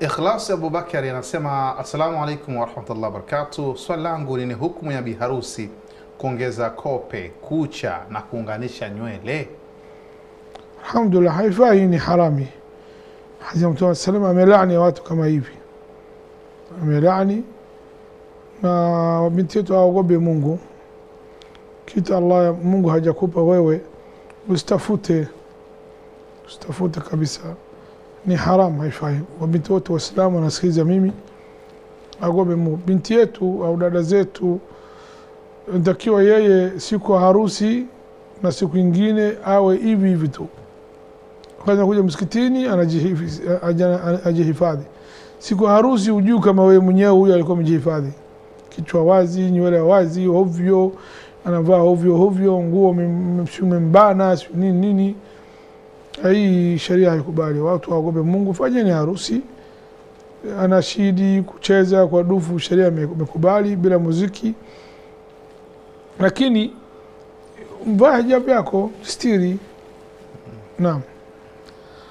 Ikhlasi Abubakari anasema assalamu alaikum warahmatullahi wabarakatuh. Swali langu ni hukumu ya biharusi kuongeza kope, kucha na kuunganisha nywele. Alhamdulillah, haifai, ni harami. Hadithi Mtume salam amelaani watu kama hivi, amelani na binti yetu aogope Mungu. Kitu Allah Mungu hajakupa wewe usitafute, usitafute kabisa ni haramu, haifai. Wabinti wote Waislamu wanasikiliza mimi, agobe mu binti yetu au dada zetu, ntakiwa yeye siku ya harusi na siku ingine awe hivi hivi tu, kuja msikitini ajihifadhi. Siku ya harusi hujui kama wewe mwenyewe huyo alikuwa amejihifadhi, kichwa wazi, nywele wazi, hovyo, anavaa hovyo hovyo, nguo mmembana, sio nini nini hii sheria haikubali. Watu waogope Mungu, fanyeni harusi, anashidi kucheza kwa dufu, sheria imekubali bila muziki, lakini mvaa hijabu yako, stiri. Naam.